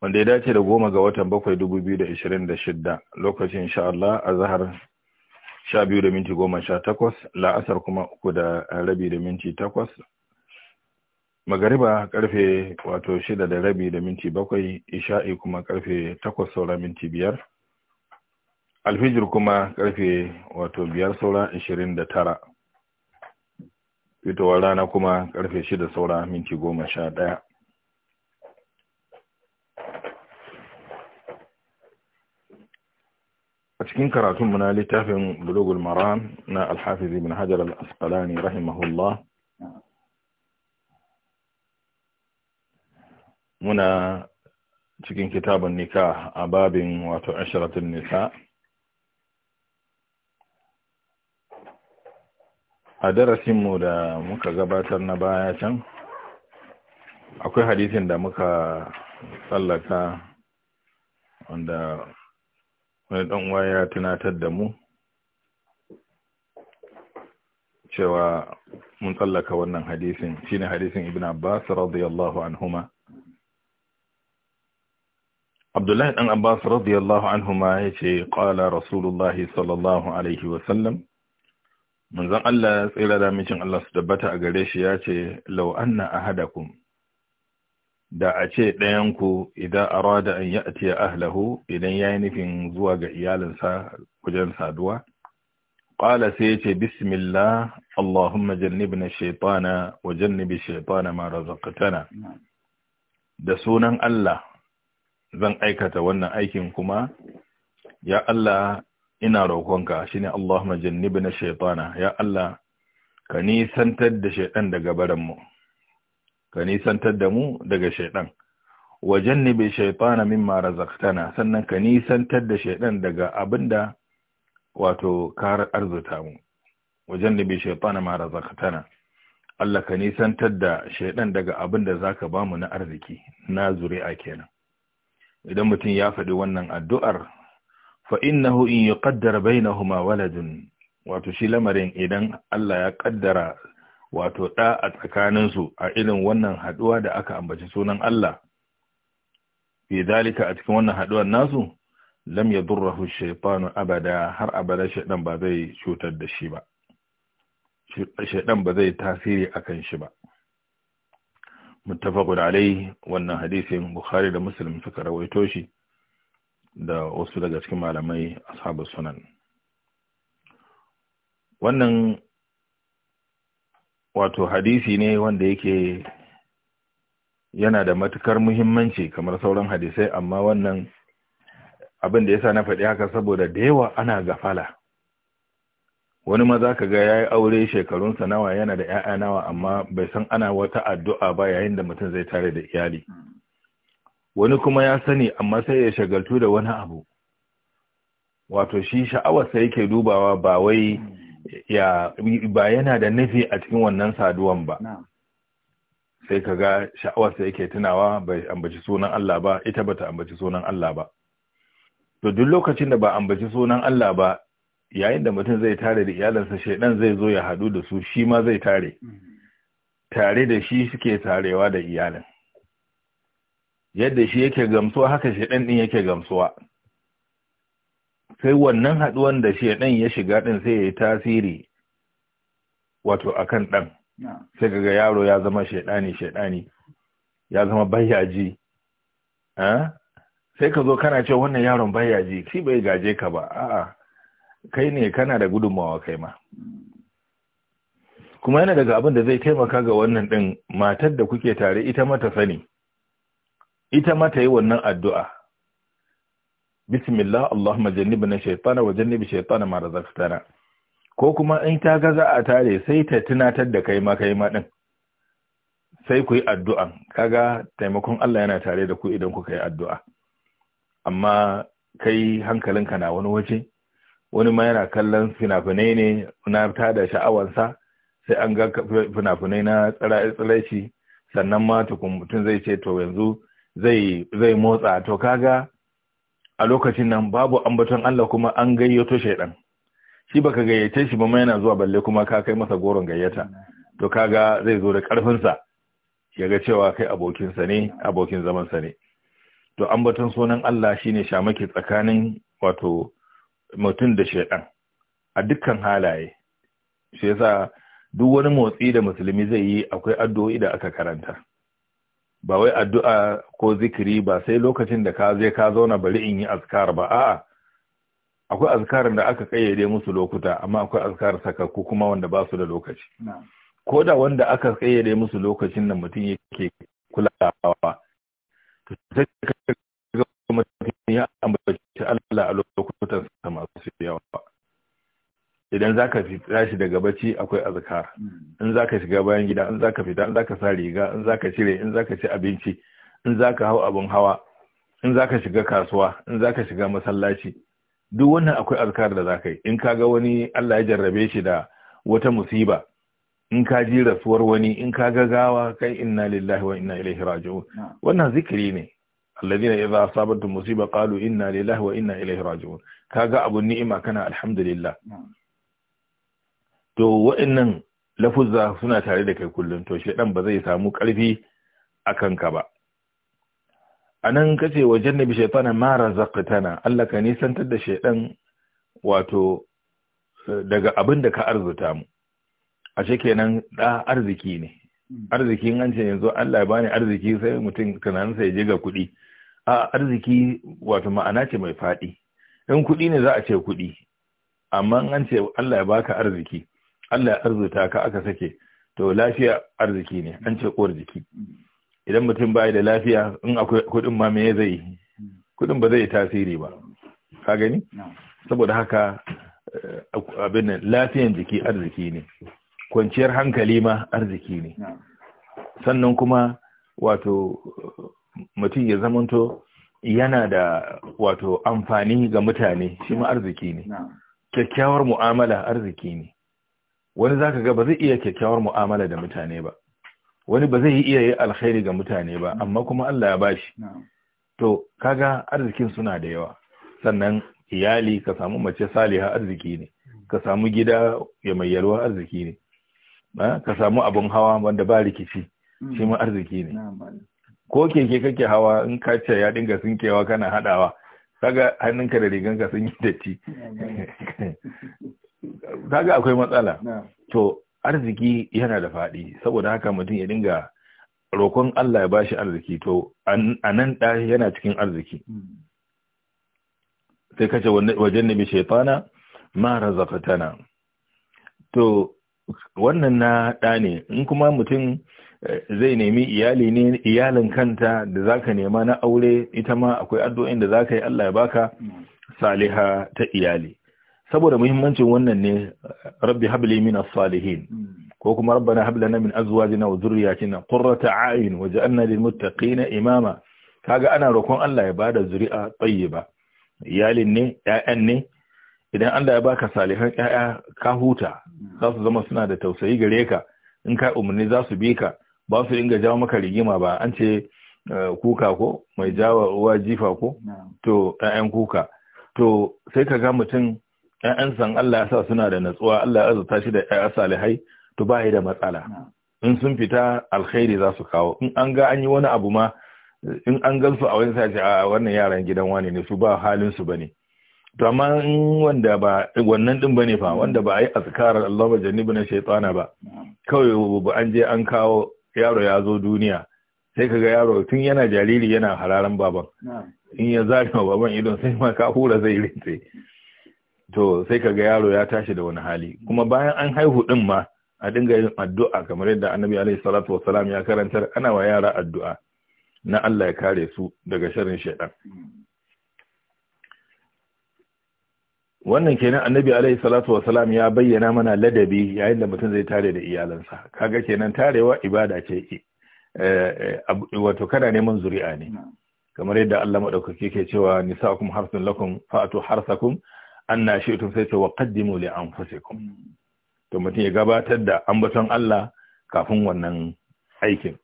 wanda ya dace da goma ga watan bakwai dubu biyu da ishirin da shidda lokacin insha Allah a zahar sha biyu da minti goma sha takwas la'asar kuma uku da rabi da minti takwas magariba karfe wato shida da rabi da minti bakwai isha'i kuma karfe takwas saura minti biyar alfijir kuma karfe wato biyar saura ishirin da tara fitowar rana kuma karfe shida saura minti goma sha ɗaya أشكين كراتمنا لتافهم بلوغ المرام الحافظ بن حجر الأسقلاني رحمه الله منا تكين كتاب النكاح أباب وتعشرة النساء أدرس مودا مكا قبات النبايا أكو حديث دا مكا صلتا عند wani ɗan ya tunatar da mu cewa mun tsallaka wannan hadisin shine hadisin ibn abbas radiyallahu anhuma abdullahi ɗan abbas radiyallahu anhuma ce ƙwala rasulullahi sallallahu alaihi wa sallam manzon Allah tsira da micin Allah su tabbata a gare shi yace law anna ahadakum da a ce ɗayanku idan arada an yi atiya ahlahu idan ya yi nufin zuwa ga iyalinsa wajen saduwa ƙala sai ya ce bismillah allahumma na shaitana wa jannibi shaitana ma razaqtana da sunan Allah zan aikata wannan aikin kuma ya Allah ina roƙonka shine allahumma na shaitana ya Allah ka nisantar da shaitan daga baranmu ka nisantar da mu daga shaidan bai shaifana min mara zaktana sannan ka nisantar da shaidan daga abin da wato ka arzuta mu Wajen wa bai shaifana mara zaktana Allah ka nisantar da shaidan daga abin da ka zaka bamu na arziki na zuri'a kenan idan mutum ya faɗi wannan addu'ar fa innahu in yuqaddar bainahuma waladun wato shi lamarin idan Allah ya kaddara wato ɗa a tsakaninsu a irin wannan haɗuwa da aka ambaci sunan Allah fi zalika a cikin wannan haɗuwar nasu lam ya durrahu shaitanu abada har abada shaidan ba zai cutar da shi ba Shaiɗan ba zai tasiri akan shi ba muttafaqun alai wannan hadisin bukhari da muslim suka rawaito shi da wasu daga cikin malamai ashabu sunan wannan wato hadisi ne wanda yake yana da matukar muhimmanci kamar sauran hadisai amma wannan abin da yasa na faɗi haka saboda da yawa ana gafala wani maza ka ga ya yi aure shekarunsa nawa yana da 'ya'ya nawa amma bai san ana wata addu'a ba yayin da mutum zai tare da iyali wani kuma ya sani amma sai ya shagaltu da wani abu wato shi sha'awarsa yake dubawa ba wai ya ba yana da nufi a cikin wannan saduwan ba sai ka ga sha'awarsa yake tunawa bai ambaci sunan Allah ba ita bata ambaci sunan Allah ba to duk lokacin da ba ambaci sunan Allah ba yayin da mutum zai tare da iyalansa shaidan zai zo ya hadu da su shi ma zai tare mm-hmm. tare da shi suke tarewa da iyalin yadda shi yake gamsuwa haka shaidan din yake gamsuwa sai wannan haɗuwan da shaidan ya shiga ɗin sai ya tasiri wato akan ɗan sai kaga yaro ya zama shaiɗani-shaiɗani, ya zama bayyaji sai ka zo kana cewa wannan yaron bayyaji shi bai gaje ka ba a'a kai ne kana da gudunmawa kai ma kuma yana daga abin da zai taimaka ga wannan ɗin matar da kuke tare ita mata sani ita mata yi wannan addu'a bismillah الله اللهم جنبنا wa وجنب الشيطان ما رزقتنا ko kuma in ta gaza a tare sai ta tunatar da kai ma kai ma din sai ku yi addu'a kaga taimakon Allah yana tare da ku idan kuka yi addu'a amma kai hankalinka na wani waje wani ma yana kallon fina-finai ne na sha'awar sha'awansa sai an ga finafinai finai na tsalaici sannan ma tukun mutum zai ce to yanzu zai motsa to kaga a lokacin nan babu ambaton Allah kuma an gayyato shaidan shi baka gayyace shi ba ma yana zuwa balle kuma ka kai masa goron gayyata to kaga zai zo da karfin sa ya ga cewa kai abokin sa ne abokin zaman sa ne to ambaton sunan Allah shine shamaki tsakanin wato mutum da shaidan a dukkan halaye shi yasa duk wani motsi da musulmi zai yi akwai addu'o'i da aka karanta ba wai addu'a ko zikiri ba sai lokacin da ka je ka zauna bari in yi azkar ba a'a akwai azkarin da aka kayyade musu lokuta amma akwai azkar sakakku kuma wanda ba su da lokaci ko da wanda aka kayyade musu lokacin da mutum yake kulawa to sai ka ga mutum ya ambaci Allah a lokutan sa masu yawa idan za ka tashi daga bacci akwai azkar in za ka shiga bayan gida in za ka fita in za ka sa riga in za ka cire in za ka ci abinci in za ka hau abin hawa in za ka shiga kasuwa in za ka shiga masallaci duk wannan akwai azkar da za ka yi in ka ga wani Allah ya jarrabe shi da wata musiba in ka ji rasuwar wani in ka ga gawa kai inna lillahi wa inna ilaihi raji'un wannan zikiri ne alladhina idza asabatuhum musiba qalu inna lillahi wa inna ilaihi raji'un kaga abun ni'ima kana alhamdulillah to wa'annan lafuzza suna tare da kai kullum to shedan ba zai samu karfi a kanka ba anan kace wa jannabi shaytana ma razaqtana Allah ka nisantar da shedan wato eh, daga abin da ka arzuta mu A ashe kenan da arziki ne arzikin an ce yanzu Allah ya bani arziki sai mutum tunanin sai je ga kuɗi a arziki wato ma'ana ce mai faɗi in kuɗi ne za a ce kuɗi amma an ce Allah ya baka arziki Allah ya arzuta ka aka sake to lafiya arziki ne an ce kowar jiki idan mutum bai da lafiya in akwai kudin ma me zai yi kudin ba zai yi tasiri ba ka gani saboda haka eh, abin nan lafiyan jiki arziki ne kwanciyar hankali ma arziki ne sannan kuma wato mutum ya zamanto yana da wato amfani ga mutane shi ma arziki ne kyakkyawar mu'amala arziki ne wani zaka ga ba zai iya kyakkyawar mu'amala da mutane ba wani ba zai yi iya yi alkhairi ga mutane ba mm. amma kuma Allah ya bashi to kaga arzikin suna da yawa sannan iyali ka samu mace saliha arziki ne ka samu gida ya mai yalwa arziki ne ka samu abun hawa wanda ba rikici mm. shi ma arziki ne ko keke kake hawa in ka ce ya dinga sinkewa kana hadawa kaga hannunka da riganka sun yi datti kaga akwai matsala to arziki yana da faɗi saboda haka mutum ya dinga roƙon Allah ya bashi arziki to a nan ɗa yana cikin arziki hmm. sai kace wajen nabi shaitana ma razaqatana to wannan na ɗa ne in kuma mutum eh, zai nemi iyali ne iyalin kanta da zaka nema na aure ita ma akwai addu'o'in da zaka yi Allah ya baka hmm. saliha ta iyali saboda muhimmancin wannan ne rabbi habli min as-salihin hmm. ko kuma rabbana hab lana min azwajina wa dhurriyyatina qurrata a'yun waj'alna lil muttaqina imama kaga ana roƙon Allah ya bada zuri'a tayyiba iyalin ne ƴaƴan ne idan Allah ya baka salihan ƴaƴa ka huta hmm. za su zama suna da tausayi gare ka in ka umarni za su bi ka ba su inga jawo maka rigima ba an ce eh, kuka ko mai jawa uwa jifa ko to ƴaƴan kuka to sai ka ga mutum san Allah ya sa suna da natsuwa Allah ya azurta shi da ƴaƴa salihai to ba da matsala in sun fita alkhairi za su kawo in an ga an yi wani abu ma in an gan su a wani sace a wannan yaran gidan wani ne su ba halin su bane to amma in wanda ba wannan din bane fa wanda ba yi azkarar Allah ba na shaytana ba kawai ba an je an kawo yaro ya zo duniya sai kaga yaro tun yana jariri yana hararan baban in ya zare baban idon sai ma ka hura zai rinte to sai ka ga yaro ya tashi da wani hali kuma bayan an haihu din ma a dinga yin addu'a kamar yadda annabi alaihi salatu wassalam ya karantar ana wa yara addu'a na Allah ya kare su daga sharrin shaidan wannan kenan annabi alaihi salatu wassalam ya bayyana mana ladabi yayin da mutum zai tare da iyalansa kaga kenan tarewa ibada ce eh, eh, wato kana neman zuri'a ne hmm. kamar yadda Allah madaukaki ke cewa nisa'ukum harsun lakum fa'atu harsakum anna tun sai ce wa qaddimu li anfusikum hmm. to mutum ya gabatar da ambaton Allah kafin wannan aikin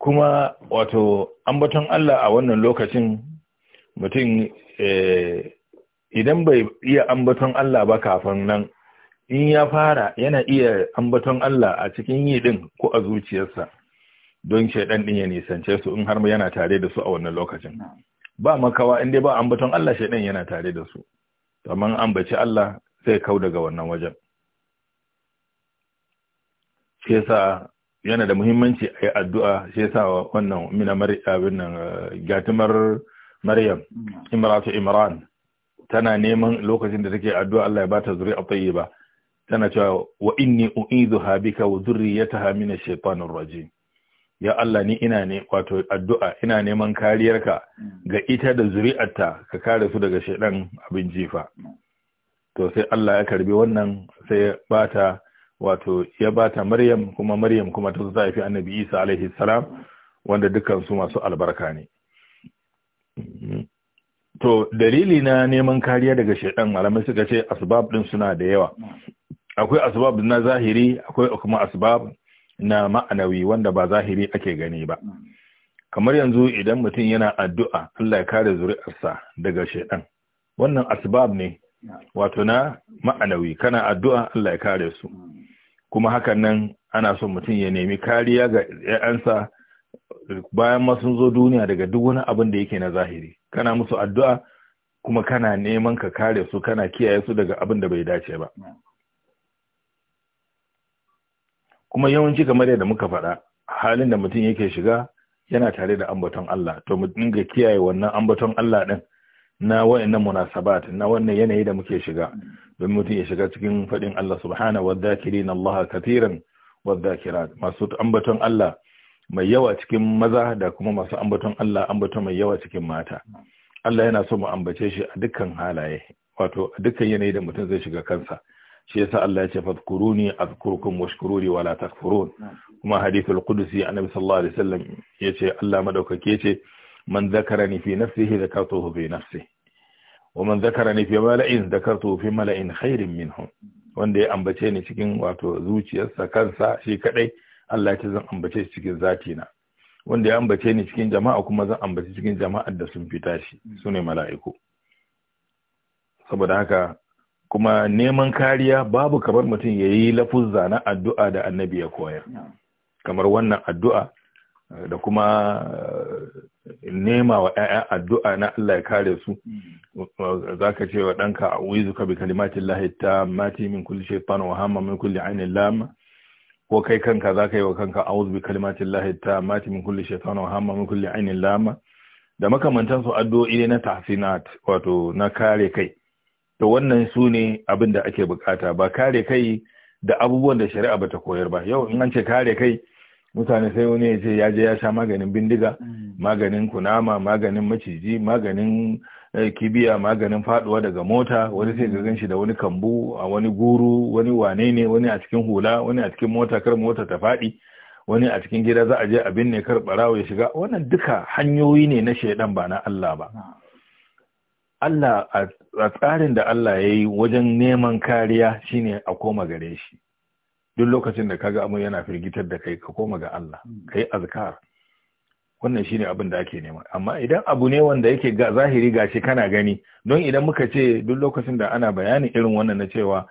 kuma wato ambaton Allah a wannan lokacin mutum eh, idan bai iya ambaton Allah ba kafin nan in ya fara yana iya ambaton Allah a cikin yi din ko a zuciyarsa don shaidan din ya nisance su in har yana tare da su a wannan lokacin ba makawa in dai ba ambaton Allah shaidan yana tare da su amma ambaci Allah sai kau daga wannan wajen shi yasa yana da muhimmanci a yi addu'a shi yasa wannan mina abin wannan gatimar maryam mm. imratu imran tana neman lokacin da take addu'a Allah ya bata zuri'a tayyiba tana cewa wa inni u'idhuha bika wa dhurriyyataha min ash-shaytanir rajim ya Allah ni ina ne wato addu'a ina neman kariyarka mm. ga ita da zuri'arta ka kare su daga shaidan abin jifa mm. to sai Allah ya karbi wannan sai ya bata wato ya bata Maryam kuma Maryam kuma ta fi Annabi Isa alaihi salam wanda dukkan su masu albarka ne mm-hmm. to dalili na neman kariya daga shaidan malamai suka ce asbab din suna da yawa mm. akwai asbab na zahiri akwai kuma asbab na ma'anawi wanda ba zahiri ake gani ba kamar yanzu idan mutum yana addu'a Allah ya kare zuri'arsa daga shaidan wannan asbab ne wato na ma'anawi kana addu'a Allah ya kare su kuma hakan nan ana son mutum ya nemi kariya ga ‘ya'yansa bayan ma zo duniya daga duk wani abin da yake na zahiri kana musu addu'a kuma kana neman ka kare su kana kiyaye su daga abin da bai dace ba kuma yawanci kamar yadda muka faɗa halin da mutum yake shiga yana tare da ambaton Allah to mu dinga kiyaye wannan ambaton Allah din na wayannan munasabat na wannan yanayi da muke shiga don mutum ya shiga cikin faɗin Allah subhana wa dhakirin Allah katiran wa dhakirat masu ambaton Allah mai yawa cikin maza da kuma masu ambaton Allah ambaton mai yawa cikin mata Allah yana so mu ambace shi a dukkan halaye wato a dukkan yanayi da mutum zai shiga kansa shi yasa Allah ya ce fadkuruni azkurukum washkuruni wala takfurun kuma hadithul qudsi annabi sallallahu alaihi wasallam yace Allah madaukake ce man zakarani fi nafsihi zakartuhu bi nafsihi wa man zakarani fi mala'in zakartuhu fi mala'in khairin minhum wanda ya ambace ni cikin wato zuciyarsa kansa shi kadai Allah ya ce zan ambace shi cikin zatina wanda ya ambace ni cikin jama'a kuma zan ambace cikin jama'ar da sun fita shi mm. sune mala'iku saboda haka kuma neman kariya babu kamar mutum ya yi lafuzza na addu'a da annabi ya koyar kamar wannan addu'a eh, da kuma eh, nema wa ‘ya'ya addu'a na Allah ya kare su mm. eh, za ka ce wa ɗanka a wizu ka bi kalimatin lahita mati min kulli shaitan wa hama min kulli ainihin lama ko kai kanka za ka yi wa kanka a wuzu bi kalimatin lahita mati min kulli shaitan wa hama min kulli ainihin lama da makamantansu addu'o'i na tahsinat wato na kare kai to wannan su ne abin da ake bukata ba kare kai da abubuwan da shari'a bata koyar ba yau in an ce kare kai mutane sai wani ya ce ya je ya sha maganin bindiga mm. maganin kunama maganin maciji maganin eh, kibiya maganin faduwa daga mota wani sai ga mm. ganshi da wani kambu a wani guru wani wane ne wani a cikin hula wani a cikin mota kar mota ta faɗi wani a cikin gida za a je abin ne kar barawo ya shiga wannan duka hanyoyi ne na shaidan ba na Allah ba Allah a tsarin da Allah ya yi wajen neman kariya shine a koma gare shi duk lokacin da kaga abu yana firgitar da kai ka koma ga Allah hmm. kai azkar wannan shine abin da ake nema amma idan abu ne wanda yake ga zahiri gashi kana gani don idan muka ce duk lokacin da ana bayanin irin wannan na cewa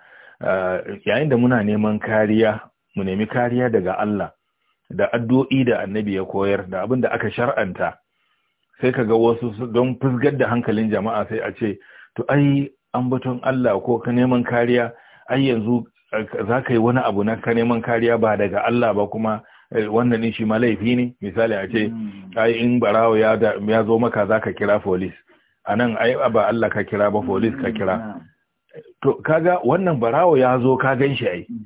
yayin da muna neman kariya mu nemi kariya daga Allah da addu'o'i da annabi ya koyar da abin da aka shar'anta sai ka ga wasu don fusgar da hankalin jama'a sai a ce to ai ambaton Allah ko ka neman kariya ai yanzu eh, za ka yi wani abu na ka neman kariya ba daga Allah ba kuma eh, wannan ne shi ma laifi ne misali a ce hmm. ai in barawo ya zo maka za ka kira folis. a nan ai ba Allah ka kira ba folis ka kira hmm. to kaga wannan barawo ya zo ka gan shi ai hmm.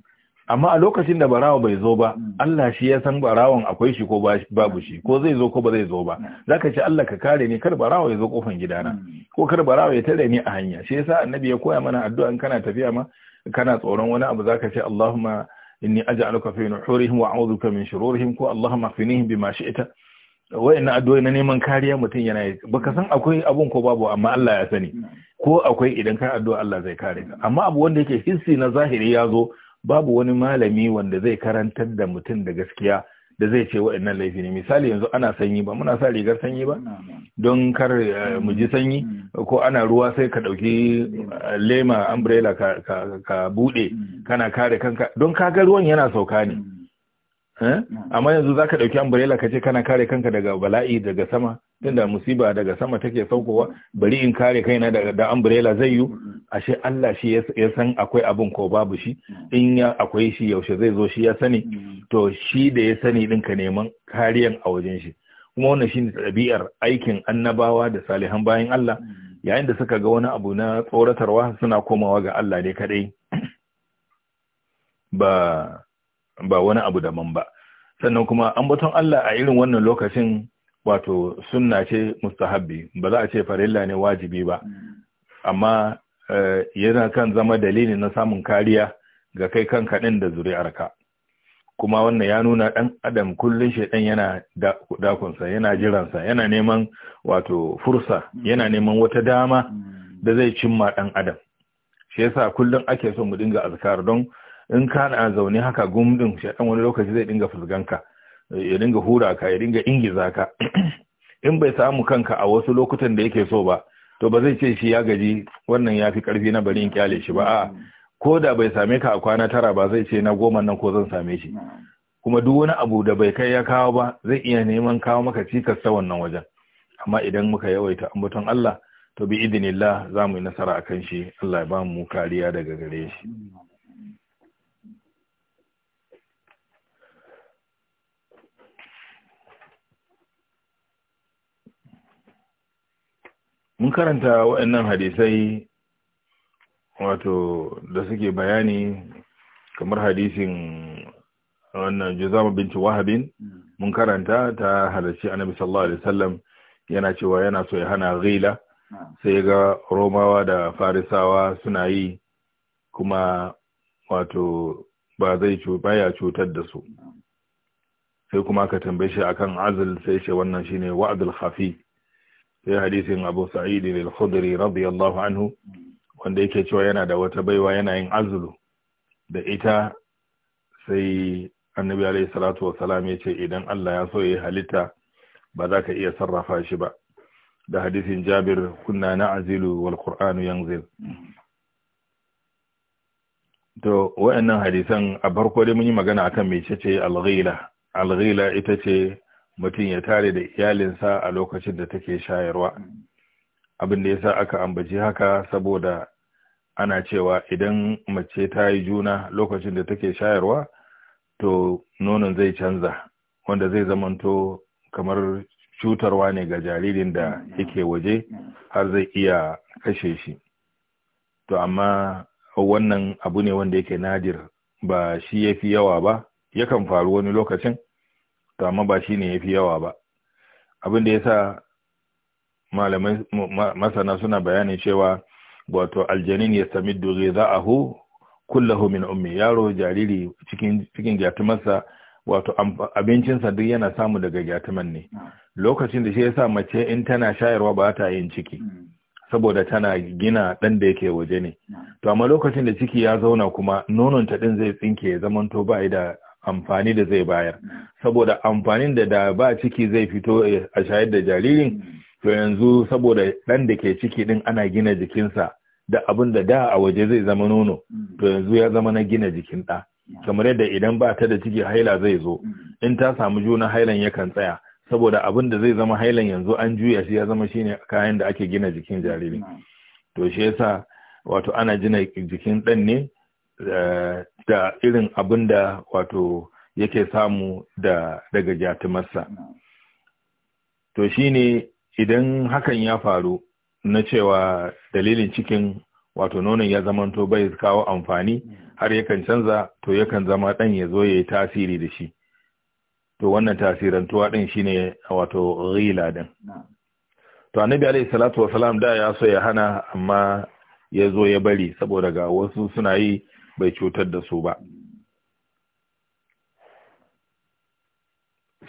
amma a lokacin da barawo bai zo ba mm. Allah shi ya san barawon akwai shi ko babu shi ko zai zo ko ba zai zo ba mm. zaka ce Allah ka kare ni kar barawo ya zo kofan gidana mm. ko kar barawo ya tare ni a hanya shi yasa annabi ya koya mana addu'a in kana tafiya ma kana tsoron wani abu zaka ce Allahumma inni aj'aluka fi nuhurihim wa a'udhuka min shururihim ko Allahumma finihim bima shi'ta wa'annan addu'o'i na neman kariya mutum yana yi baka san akwai abun ko babu amma Allah ya sani ko akwai idan ka addu'a Allah zai kare ka amma abu wanda yake hissi na zahiri ya zo babu wani malami wanda zai karantar da mutum da gaskiya da zai ce waɗannan laifi ne misali yanzu ana sanyi ba muna sa rigar sanyi ba don kar eh, mm. mu ji sanyi mm. ko ana ruwa sai ka ɗauki mm. eh, lema umbrella ka buɗe kana kare kanka don kaga ruwan yana sauka ne Eh? amma yanzu zaka dauki umbrella kace kana kare kanka daga bala'i daga sama tunda musiba daga sama take saukowa bari in kare kaina da umbrella zai yi mm-hmm. ashe Allah shi ya san akwai abin ko babu shi mm-hmm. in ya akwai shi yaushe zai zo shi ya sani mm-hmm. to shi da ya sani din ka neman kariyan a wajen shi kuma wannan shine tabi'ar aikin annabawa da salihan bayan Allah yayin da suka ga wani abu na tsoratarwa suna komawa ga Allah ne kadai ba ba wani abu daban ba sannan kuma an ambaton Allah a irin wannan lokacin wato sunna ce mustahabbi ba za a ce farilla ne wajibi ba amma eh, yana kan zama dalili na samun kariya ga kai kanka kaɗin da zuri'arka kuma wannan ya nuna ɗan adam kullum shaidan yana dakunsa yana jiransa yana neman wato fursa yana neman wata dama da zai cimma ɗan adam shi yasa kullum ake son mu dinga azkar don in ka na zaune haka gumdin shaɗan wani lokaci zai dinga fusganka ya dinga hura ka ya dinga ingiza ka in bai samu kanka a wasu lokutan da yake so ba to ba zai ce shi ya gaji wannan ya fi ƙarfi na bari in kyale shi ba a ko da bai same ka a kwana tara ba zai ce na goma nan ko zan same shi kuma duk wani abu da bai kai ya kawo ba zai iya neman kawo maka cikas ta wannan wajen amma idan muka yawaita ambaton Allah to bi idinillah za mu yi nasara akan shi Allah ya ba mu kariya daga gare shi mun karanta waɗannan hadisai wato da suke bayani kamar hadisin wannan juzama binti wahabin mun karanta ta halarci annabi sallallahu alaihi wasallam yana cewa yana so ya hana ghila sai ga romawa da farisawa suna yi kuma wato ba zai baya cutar da su sai kuma ka tambaye shi akan azul sai shi wannan shine wa'dul khafi sai hadisin Abu Sa'id al-Khudri radiyallahu anhu wanda yake cewa yana da wata baiwa yana yin azulu da ita sai Annabi alayhi salatu wa Salam ya ce idan Allah ya so ya halitta ba za ka iya sarrafa shi ba da hadisin Jabir kunna na'zilu wal qur'an yanzil to wa'annan hadisan a farko dai mun yi magana akan mecece al-ghila al-ghila ita ce mutum ya tare da iyalinsa a lokacin da take shayarwa abin da ya sa aka ambaci haka saboda ana cewa idan mace ta yi juna lokacin da take shayarwa to nonon zai canza wanda zai zamanto kamar cutarwa ne ga jaririn da yake waje har zai iya kashe shi to amma wannan abu ne wanda yake nadir ba shi ya fi yawa ba yakan faru wani lokacin to amma ba shi ne ya fi yawa ba abin da ya sa malamai masana suna bayanin cewa wato aljanin ya sami dore za a hu kullahu min ummi yaro jariri cikin gyatumarsa wato abincinsa duk yana samu daga gyatuman ne lokacin da shi ya sa mace in tana shayarwa ba ta yin ciki saboda tana gina ɗan da yake waje ne to amma lokacin da ciki ya zauna kuma nononta ta ɗin zai tsinke ya zamanto ba da amfani da zai bayar saboda amfanin da da ba ciki zai fito eh, a shayar da jaririn to yanzu saboda ɗan da ke ciki ɗin ana gina jikinsa da abin da da a waje zai zama nono to yanzu ya zama na gina jikin ɗa kamar yadda idan ba ta da ciki haila zai zo in ta samu juna hailan yakan tsaya saboda abin da zai zama hailan yanzu an juya shi ya zama shine kayan da ake gina jikin jaririn to shi yasa wato ana gina jikin ɗan ne da irin abin da wato yake samu da daga jatumarsa to shine idan hakan ya faru na cewa dalilin cikin wato nonon ya zamanto bai kawo amfani har yakan canza to yakan zama ɗan ya zo ya yi tasiri da shi to wannan tasirantuwa ɗin shine wato rila ɗin to annabi alayhi salatu wasalam da ya so ya hana amma ya zo ya bari saboda ga wasu suna yi bai cutar da su ba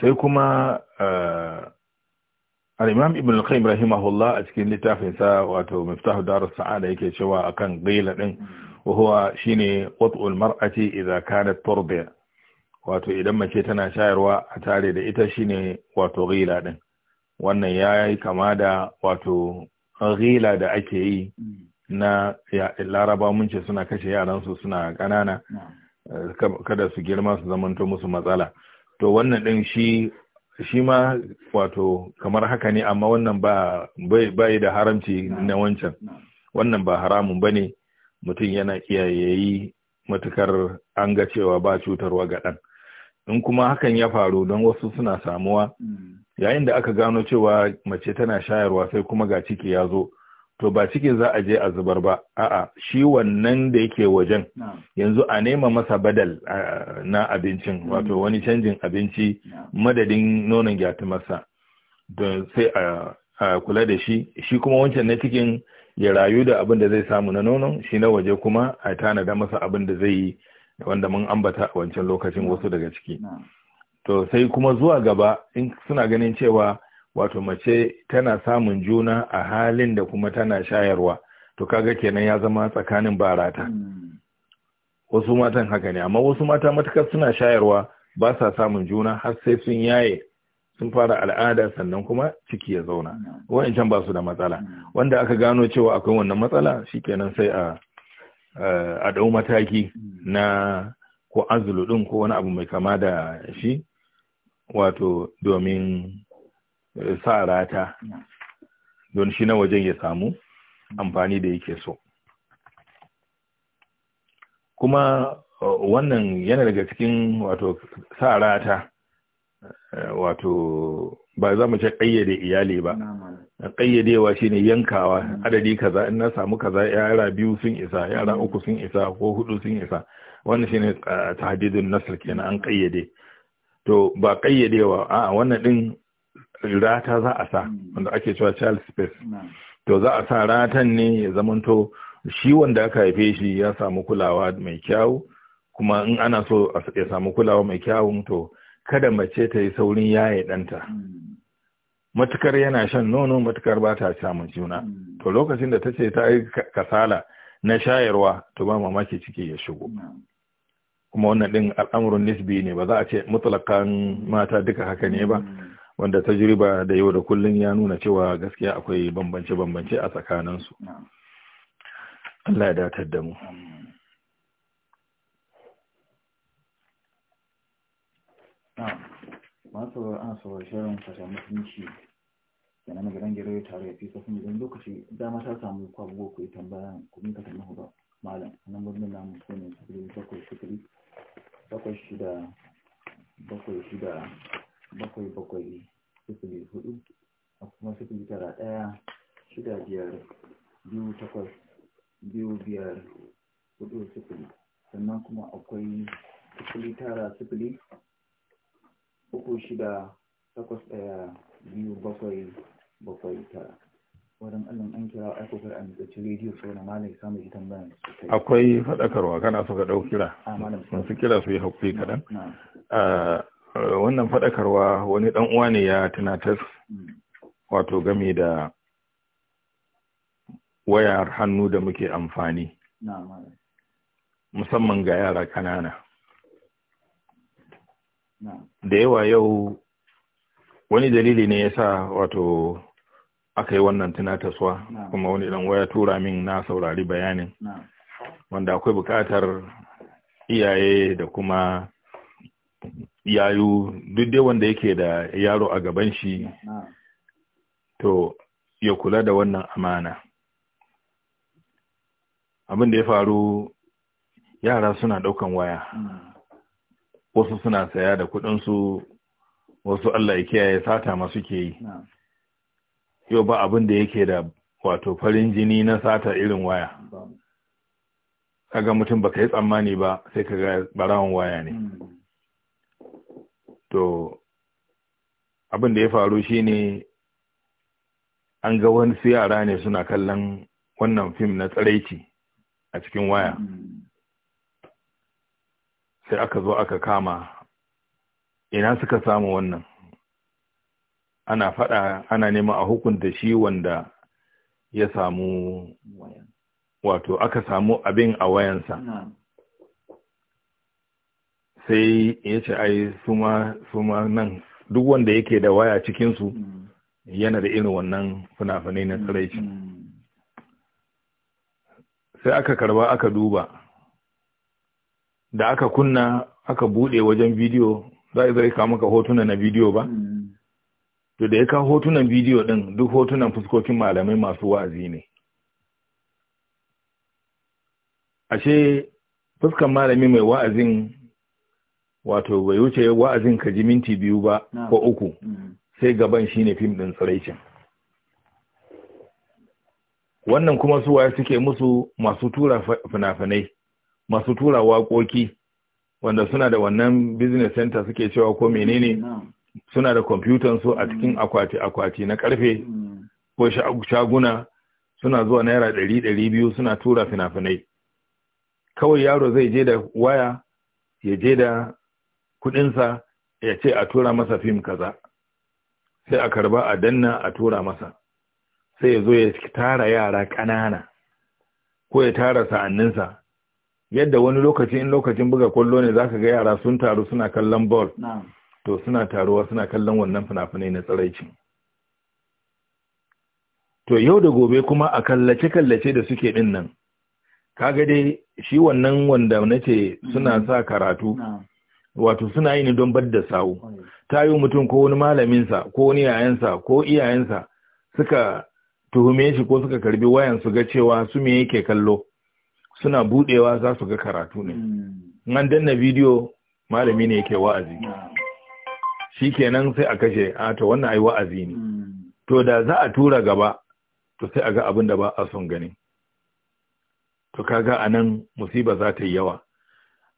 sai kuma eh, al’imam ibn al-qayyim rahimahullah a cikin littafinsa wato miftahu darus sa'ada yake cewa akan gaila ɗin wahuwa shi shine wat'ul mar'ati iza kanat turdi wato idan mace tana shayarwa a tare da ita shi ne wato gaila ɗin, wannan yayi kama da wato gaila da ake yi hmm. na laraba mun ce suna kashe yaransu suna ƙanana kada su girma su zamanto musu matsala to wannan ɗin shi shi ma wato kamar haka ne amma wannan ba bai da haramci na wancan wannan ba haramun bane mutum yana yayi matukar an ga cewa ba cutarwa ga ɗan in kuma hakan ya faru don wasu suna samuwa mm. yayin da aka gano cewa mace tana shayarwa sai kuma ga ciki ya zo to ba cikin za a je a zubar ba a'a shi wannan da yake wajen yanzu a nema masa badal na abincin mm. wato wani canjin abinci madadin nonon masa. don sai a kula da shi shi kuma wancan na cikin ya rayu da abin da zai samu na nonon shi na waje kuma a tanada masa abin da zai yi wanda mun ambata a wancan lokacin wasu daga ciki to sai kuma zuwa gaba in suna ganin cewa wato mace tana samun juna a halin da kuma tana shayarwa to kaga kenan ya zama tsakanin barata hmm. wasu matan haka ne amma wasu mata matukar suna shayarwa ba sa samun juna har sai sun yaye sun fara al'ada sannan kuma ciki ya zauna hmm. wa'ancan ba su da matsala hmm. wanda aka gano cewa akwai wannan matsala shikenan sai a a dau mataki na ko azulu din ko wani abu mai kama da shi wato domin sa rata don shi na wajen ya samu amfani da yake so kuma uh, wannan yana daga cikin wato sa rata uh, wato ba za mu ce ƙayyade iyali ba ƙayyadewa shine yankawa adadi kaza in na samu kaza yara biyu sun isa yara uku sun isa ko hudu sun isa wannan shine uh, tahdidun nasl kenan an ƙayyade to ba ƙayyadewa a wannan din rata za a sa hmm. wanda ake cewa child space to za a sa ratan ne ya zamanto shi wanda aka haife shi ya samu kulawa mai kyau kuma in ana so ya samu kulawa mai kyau to kada mace ta yi saurin yaye ɗanta hmm. matukar yana shan nono matukar ba ta samun juna hmm. to lokacin da ta ce ta yi kasala na shayarwa to ba mamaki ciki ya shigo kuma wannan ɗin al'amurin nisbi ne ba za a ce mutlakan mata duka haka ne ba wanda tajriba da yau da kullum ya nuna cewa gaskiya akwai bambance-bambance a tsakaninsu Allah ya datar da mu masu an sauran shirin fata mutunci da na gidan gero tare da fi sassan gidan lokaci da ta samu kwabuwa ku yi tambaya kudin ka tambahu ba malam nan gudun namu su ne sufuri bakwai bakwai shida bakwai shida bakwai bakwai sifili hudu a kuma sifili tara ɗaya shida biyar biyu takwas biyu biyar hudu sifili sannan kuma akwai sifili tara sifili uku shida takwas ɗaya biyu bakwai bakwai tara Wadan allon an kira aiko kar a nutsaci rediyo sau na malai samun gidan bayan akwai faɗakarwa kana so ka ɗau kira masu kira su yi haƙuri kaɗan wannan faɗakarwa wani ɗan uwa ne ya tunatar wato game da wayar hannu da muke amfani musamman ga yara kanana da yawa yau wani dalili ne ya sa wato aka yi wannan tunatarwa kuma wani ɗan waya tura min na saurari bayanin wanda akwai buƙatar iyaye da kuma yayu duk dai wanda yake da yaro a gaban shi to ya kula da wannan amana abin da ya faru yara suna daukan waya wasu suna saya da kudinsu wasu Allah ya kiyaye sata masu ke yi yau ba abin da yake da wato farin jini na sata irin waya kaga mutum baka yi tsammani ba sai kaga barawon waya ne hmm. to abin da ya faru shine an ga wani yara ne suna kallon wannan fim na tsaraici a cikin waya sai aka zo aka kama ina suka samu wannan ana fada ana nema a hukunta shi wanda ya samu wato aka samu abin a wayansa sai ya ce ai suma suma nan duk wanda yake da waya cikinsu mm. yana da irin wannan fina-finai na tsiraici mm. sai aka karba aka duba da aka kunna aka bude wajen bidiyo za a zai kawo maka hotuna na bidiyo ba mm. to da ya ka hotunan bidiyo din duk hotunan fuskokin malamai masu wa'azi ne ashe fuskan malami mai wa'azin wato bai wuce wa'azin ka ji minti biyu ba ko uku mm-hmm. sai gaban shi ne fim ɗin tsiraicin wannan kuma su waye suke musu masu tura fina-finai masu tura waƙoƙi wanda suna da wannan business center suke cewa ko menene mm-hmm. suna da kwamfutan su a cikin mm-hmm. akwati akwati na karfe ko shaguna suna zuwa naira ɗari ɗari biyu suna tura fina-finai kawai yaro zai je da waya ya je da kudinsa ya ce a tura masa fim kaza sai a karba a danna a tura masa sai ya zo ya tara yara ƙanana ko ya tara sa'anninsa yadda wani lokaci in lokacin buga kwallo ne za ka ga yara sun taru suna kallon ball to suna taruwa suna kallon wannan fina-finai na tsiraicin to yau da gobe kuma a kallace-kallace da suke dinnan ka ga dai shi wannan wanda nace suna mm-hmm. sa karatu wato suna yi ne don bar da sawu ta yi mutum ko wani malaminsa ko wani yayansa ko iyayensa suka tuhume shi ko suka karbi wayan su ga cewa su me yake kallo suna budewa za su ga karatu ne hmm. an na bidiyo malami ne yake wa'azi hmm. shi kenan sai a kashe a to wannan ai wa'azi ne hmm. to da za a tura gaba to sai a ga abin da ba a son gani to kaga anan musiba za ta yi yawa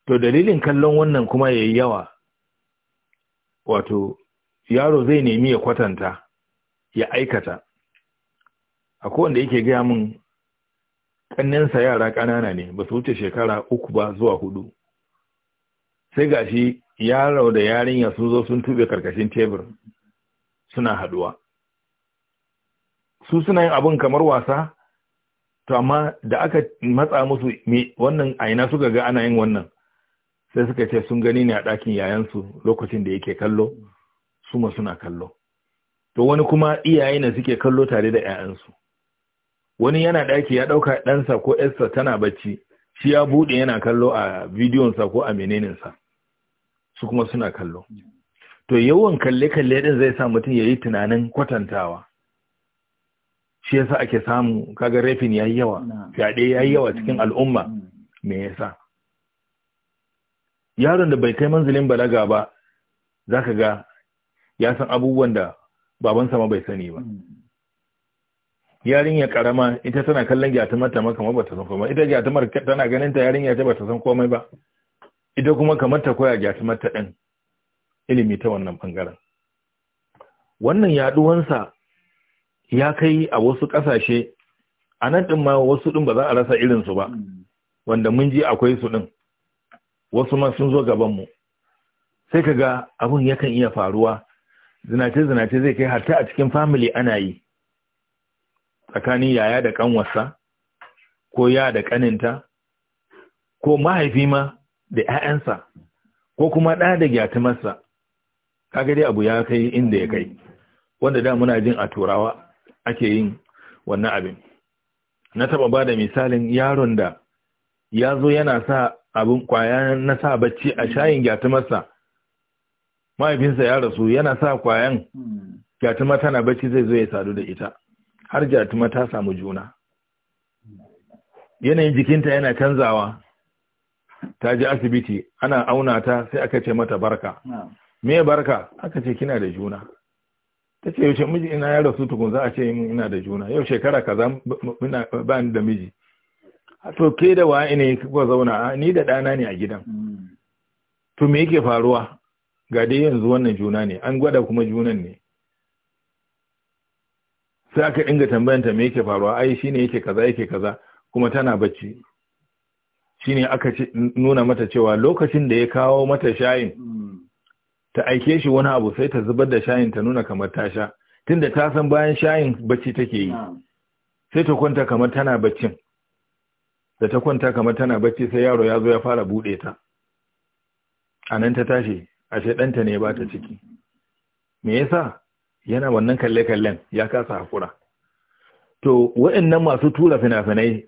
to dalilin kallon wannan kuma ya yawa wato yaro zai nemi ya kwatanta ya aikata a kowanda yake gaya min ƙannensa yara ƙanana ne ba su wuce shekara uku ba zuwa hudu sai gashi yaro da yarinya sun zo sun tube karkashin tebur suna haduwa su suna yin abin kamar wasa to amma da aka matsa musu wannan aina suka ga ana yin wannan sai suka ce sun gani ne a ɗakin yayansu lokacin da yake kallo su ma suna kallo to wani kuma iyaye ne suke kallo tare da yayansu wani yana ɗaki ya ɗauka ɗansa ko yarsa tana bacci shi ya buɗe yana kallo a bidiyonsa ko a menenensa su kuma suna kallo to yawan kalle-kalle ɗin zai sa mutum ya yi tunanin kwatantawa shi yasa ake samu kaga rafin ya yi yawa fyaɗe ya yi yawa cikin al'umma me yasa yaron da bai kai manzilin balaga ba za ka ga ya san abubuwan da babansa ma bai sani ba hmm. yarinya karama ita tana kallon gyatumar ta maka ba ta san komai ita gyatumar tana ganin ta yarinya ta ba ta san komai ba ita kuma kamar ta koya gyatumar ta din ilimi ta wannan bangaren wannan sa ya kai a wasu kasashe a nan din ma wasu din ba za a rasa irin su ba hmm. wanda mun ji akwai su din wasu ma sun zo gabanmu sai ka ga abun yakan iya faruwa zinace-zinace zai kai hatta a cikin family ana yi tsakanin yaya da kanwarsa ko ya da kaninta ko mahaifi ma da 'ya'yansa ko kuma ɗa da gyatumarsa kaga dai abu ya kai inda ya kai wanda da muna jin a turawa ake yin wannan abin na taba bada misalin yaron da ya zo yana sa abin kwaya na sa bacci a mm. shayin gyatumarsa mahaifinsa ya rasu yana sa kwayan mm. gyatuma tana bacci zai zo ya sadu da ita har gyatuma ta samu juna yanayin jikinta yana canzawa ta ji asibiti ana auna ta sai aka ce mata barka me barka aka ce kina da juna ta ce yaushe miji ina ya rasu tukun za a ce ina da juna yau shekara kaza ba ni da miji to ke da wa ne kuka zauna ni da ɗana ne a gidan to me yake faruwa ga dai yanzu wannan juna ne an gwada kuma junan ne sai aka dinga tambayanta me yake faruwa ai ne yake kaza yake kaza kuma tana bacci Shi ne aka nuna mata cewa lokacin da ya kawo mata shayin ta aike shi wani abu sai ta zubar da shayin ta nuna kamar ta sha tunda ta san bayan shayin bacci take yi sai ta kwanta kamar tana baccin da ta kwanta kamar tana bacci sai yaro ya zo ya fara buɗe ta a nan ta tashi ashe ɗanta ne ba ta ciki me yasa yana wannan kalle-kallen ya kasa hakura to wa'annan masu tura fina-finai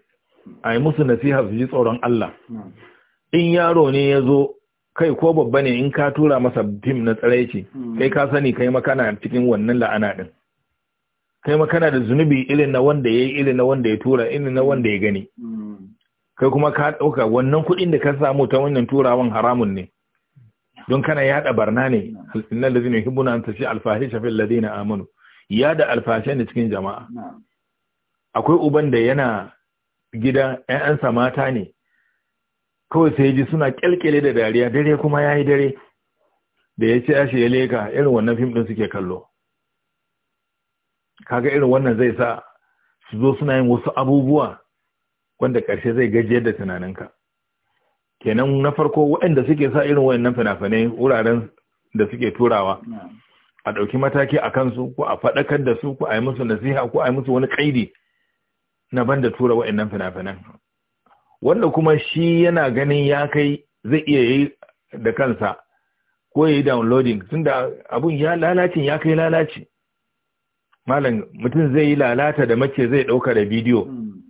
a yi musu nasiha su ji tsoron Allah in yaro ne ya zo kai ko babba ne in ka tura masa fim na tsaraici kai ka sani kai makana cikin wannan la'ana din kai makana da zunubi irin na wanda ya yi irin na wanda ya tura irin na wanda ya gani kai kuma ka ɗauka wannan kuɗin da ka samu ta wannan turawan haramun ne don kana yaɗa barna ne da zina hibbuna an tashi shafi fil na amanu yada alfashe da cikin jama'a akwai uban da yana gida ƴan'ansa mata ne kawai sai ji suna kyalkyale da dariya dare kuma ya yi dare da ya ce shi ya leka irin wannan fim ɗin suke kallo kaga irin wannan zai sa su zo suna yin wasu abubuwa wanda ƙarshe zai gajiyar da tunaninka kenan na farko waɗanda suke sa irin waɗannan fina-finai wuraren da suke turawa a ɗauki mataki a kansu ko a faɗakar da su ko a yi musu nasiha ko a yi musu wani ƙaidi na ban da tura waɗannan fina-finan wanda kuma shi yana ganin ya kai zai iya yi da kansa ko ya yi downloading da abun ya lalacin ya kai lalaci malam mutum zai yi lalata da mace zai ɗauka da bidiyo hmm.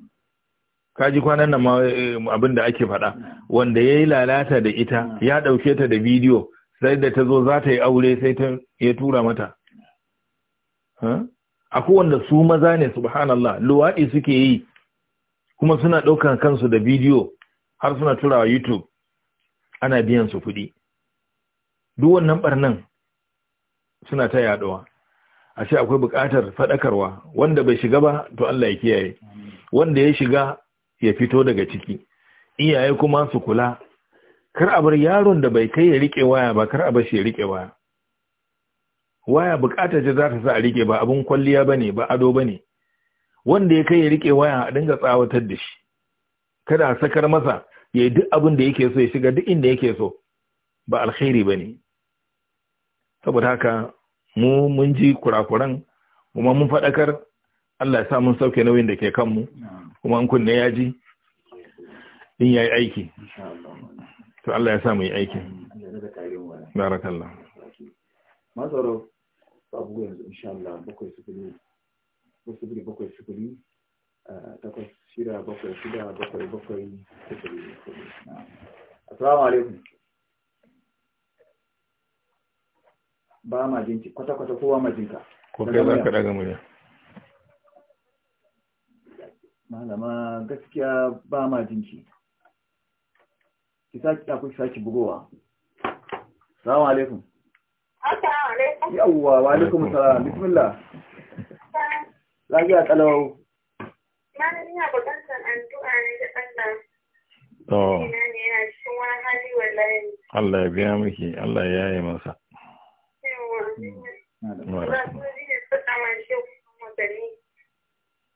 Ka ji kwanan nan eh, abin da ake faɗa wanda ya yi lalata da ita ya ɗauke ta da bidiyo sai da ta zo za ta yi aure sai ta ya tura mata A wanda su maza ne subhanallah luwaɗi suke yi kuma suna ɗaukar kansu da bidiyo har suna tura wa youtube ana biyan su kuɗi duk wannan ɓarnan suna ta yaɗuwa ashe akwai buƙatar faɗakarwa wanda bai shiga ba to Allah ya kiyaye wanda ya shiga ya fito daga ciki iyaye kuma su kula kar a bar yaron da bai kai ya rike waya ba kar a bar shi ya rike waya waya bukata ce za ta sa a rike ba abun kwalliya bane ba ado bane wanda ya kai ya rike waya a dinga tsawatar da shi kada a sakar masa ya yi duk abin da yake so ya shiga duk inda yake so ba alkhairi bane saboda haka mu mun ji kurakuran kuma mun faɗakar Allah ya samun sauke nauyin da ke kanmu kuma an kunne ya ji in ya yi aiki to Allah ya samun yi aiki barakallah masoro babu yanzu insha Allah bakwai sifili sifili bakwai sifili eh, takwas shida bakwai shida bakwai bakwai sifili assalamu alaikum ba ma jinki kwata-kwata kowa ma jinka ko kai za ka daga murya malama gaskiya ba ma jinki ki saki akwai saki bugowa salamu alaikum yawwa wa alaikum salam bismillah lafiya kalau Allah ya biya miki Allah ya yi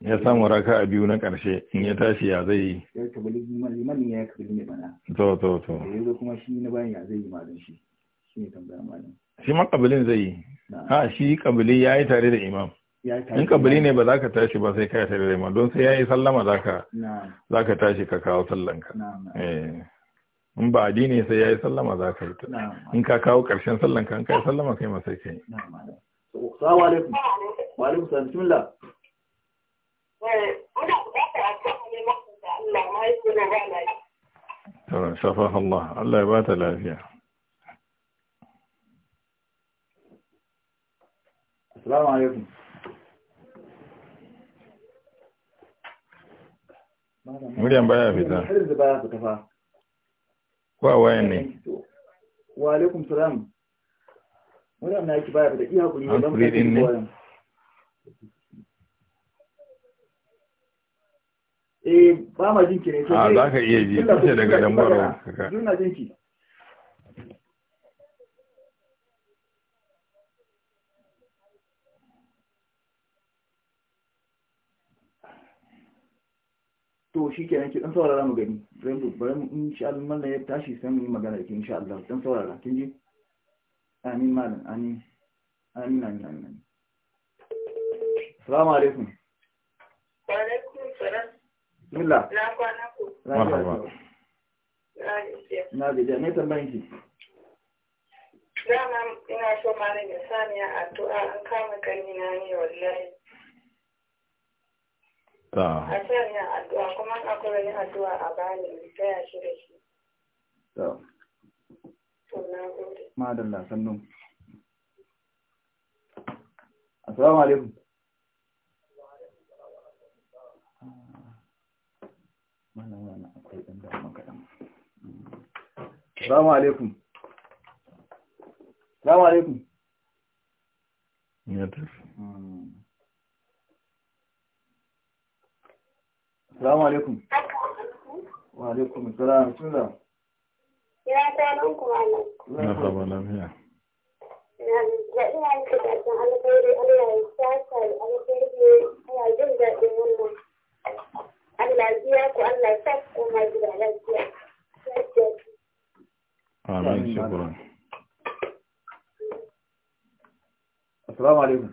ya samu raka a biyu na ƙarshe in ya tashi ya zai yi limamin ya kabili mai bana to to to ya zo kuma shi na bayan ya zai yi malam shi shi ne tambaya malam shi ma kabilin zai yi ha shi kabili ya yi tare da imam in kabili ne ba za ka tashi ba sai ka tare da imam don sai ya yi sallama za ka tashi ka kawo sallanka eh. in ba addini sai ya yi sallama za ka yi ta in ka kawo ƙarshen sallanka in ka yi sallama kai ma sai ka alaikum. Wa alaikum salam. Bismillah. شفاه الله الله يبات العافية السلام عليكم مريم بايا في حرز بايا في كفا يعني. وعليكم السلام مريم نايك بايا في إيها كل يوم eh ba ma jin ki ne to ah, za ka iya ji kusa daga nan juna jin to shi ke ki dan saurara mu gani zan bari mu insha Allah mallan ya tashi sai mu yi magana da ki insha Allah dan saurara kin ji amin mallan amin amin amin amin assalamu alaikum Bismillah. Marhaba. Na gajiya, ne tambayin ki? Dama ina so malam ya Saniya a addu'a an kama gani na ne wallahi. Ah. A saniya a addu'a kuma an akwai wani addu'a a bani mai taya shi da shi. Madalla, sannu. Assalamu alaikum. Malam akwai ɗan damuwa kaɗan. Salamu alaikum. Salamu alaikum. Salamu alaikum. Wa alaikum salam. Bismillah. Ina ta kuma nan. Na ina daɗin wannan Allah biya ku Allah sa ku ma gida lafiya. Amin shukran. Assalamu alaikum.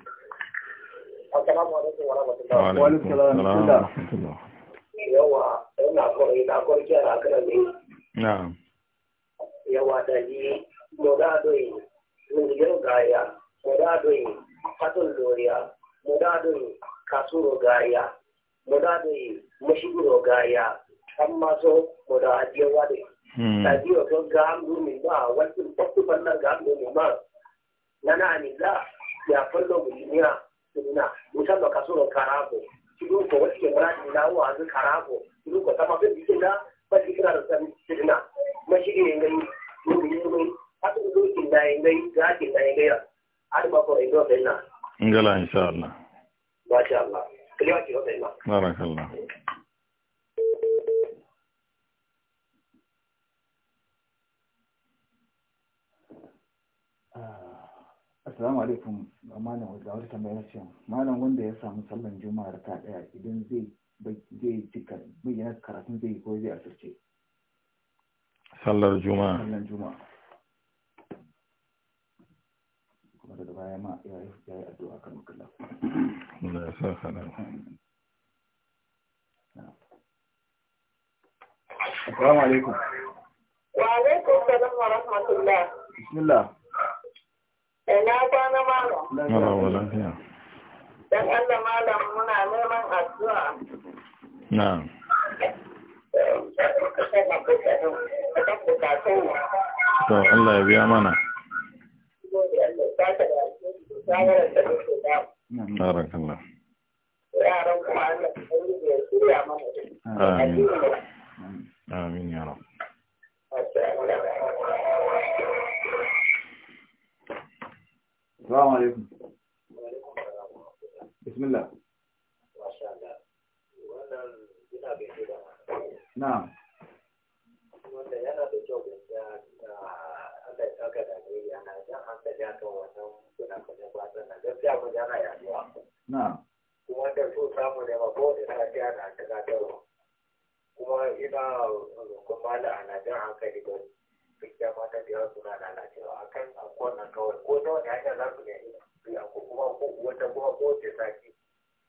Assalamu alaikum wa rahmatullahi wa barakatuh. Yawa, ina kore da kore gaya, mo da gaya, mo mushiginoga ya tammaso moda hmm. adiya wade tadiyo ga gamdu min ba wati bakku banna gamdu min ba na ni la ya fallo mulinya sunna musamma kasuro karabo kidu ko wasu ke mara ni lawo azu karabo kidu ko tama be bisina ba da san sunna mashigi ngai ni ngai hatu do kin dai ngai ga kin dai ngai ar ba ko indo benna ngala insha Allah ma sha Allah kiliwa ki hotel ma barakallah assalamu alaikum ga malam ga wata tambaya ce malam wanda ya samu sallan juma'a raka daya idan zai zai cika yana karatun zai ko zai asirce sallar juma'a sallan juma'a kuma daga baya ma ya yi addu'a kan mukalla Allah ya sa hana assalamu alaikum wa alaikum salam wa rahmatullah bismillah Ina eh, kwana malam. Wala lafiya. Dan Allah malam muna neman addu'a. Na'am. To Allah ya biya mana. Barakallah. Yaran kuma Allah Amin. Amin ya rabu. السلام عليكم بسم الله ما شاء الله وانا نعم نعم gaskiya mata da yawa suna lalacewa a kan wannan kawai ko ta wani hanyar za su ne ko kuma ko wata kuma ko ta sati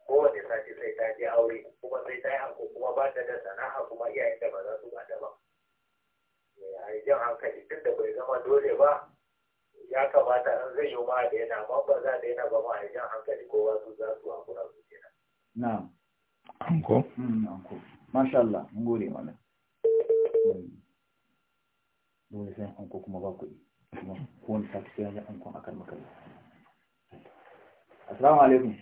kowane sati sai ta je aure kuma sai ta yi hanko kuma ba ta da sana'a kuma iyayen da ba za su bada ba eh, a yi jan hankali tun da bai zama dole ba ya kamata an zai yi ma da yana ma ba za da yana ba ma a yi jan hankali kowa su za su hakura su kenan. na'am anko anko mm, masha Allah mun gode mana mm. dole sai anko kuma ba kuɗi kuma kowane sati sai ya ankon a karma kai assalamu alaikum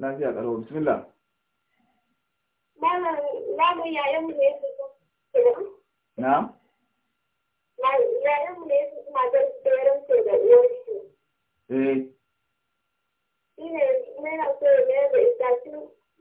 lafiya karo bismillah Namu yayan mu ne su Na? Yayan mu ne su kuma zan tseren ce da uwar shi. Eh. Ina yana so ne da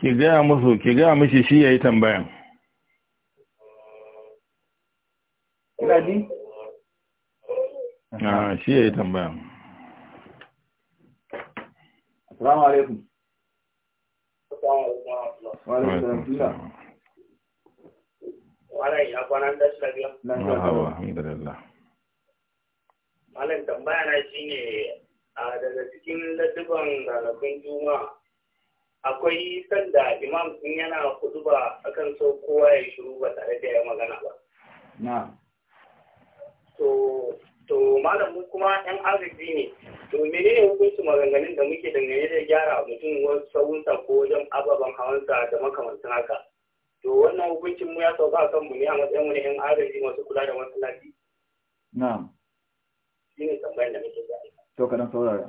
ki gaya musu ki gaya mishi shi yayi tambayan ah, tambayan Assalamu Malam ya da shi ne Malam a ah, daga cikin ladduban ranakun Juma'a akwai sanda imam sun yana kuduba akan so kowa ya shiru ba tare da ya magana ba na to to malam mu kuma yan arziki ne to menene hukuncin maganganun da muke dangane da gyara mutum wasu sauransa ko wajen ababen hawansa da makamantan haka to wannan hukuncin mu ya sauka a kanmu ne a matsayin wani na yan arziki masu kula da Na. Shi ne tambayar da muke da to kaɗan saurara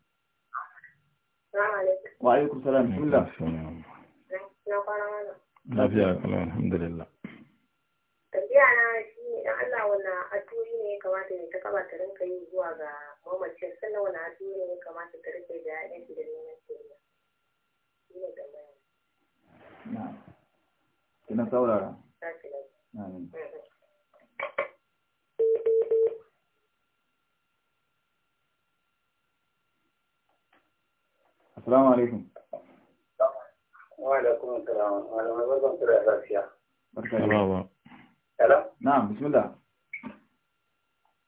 wa alaikum salam bismillah lafiya kalau alhamdulillah tafiya na shi ina Allah wani addu'o'i ne kamata ne ta kaba ta rinka yi zuwa ga mamacin sannan wani addu'o'i ne kamata ta rike da ƴaƴan da neman tsiriya shi ne da Assalamu alaikum. Wa alaikum assalam. Malamai barkan ku da lafiya. Barka da Hello? Na'am, bismillah.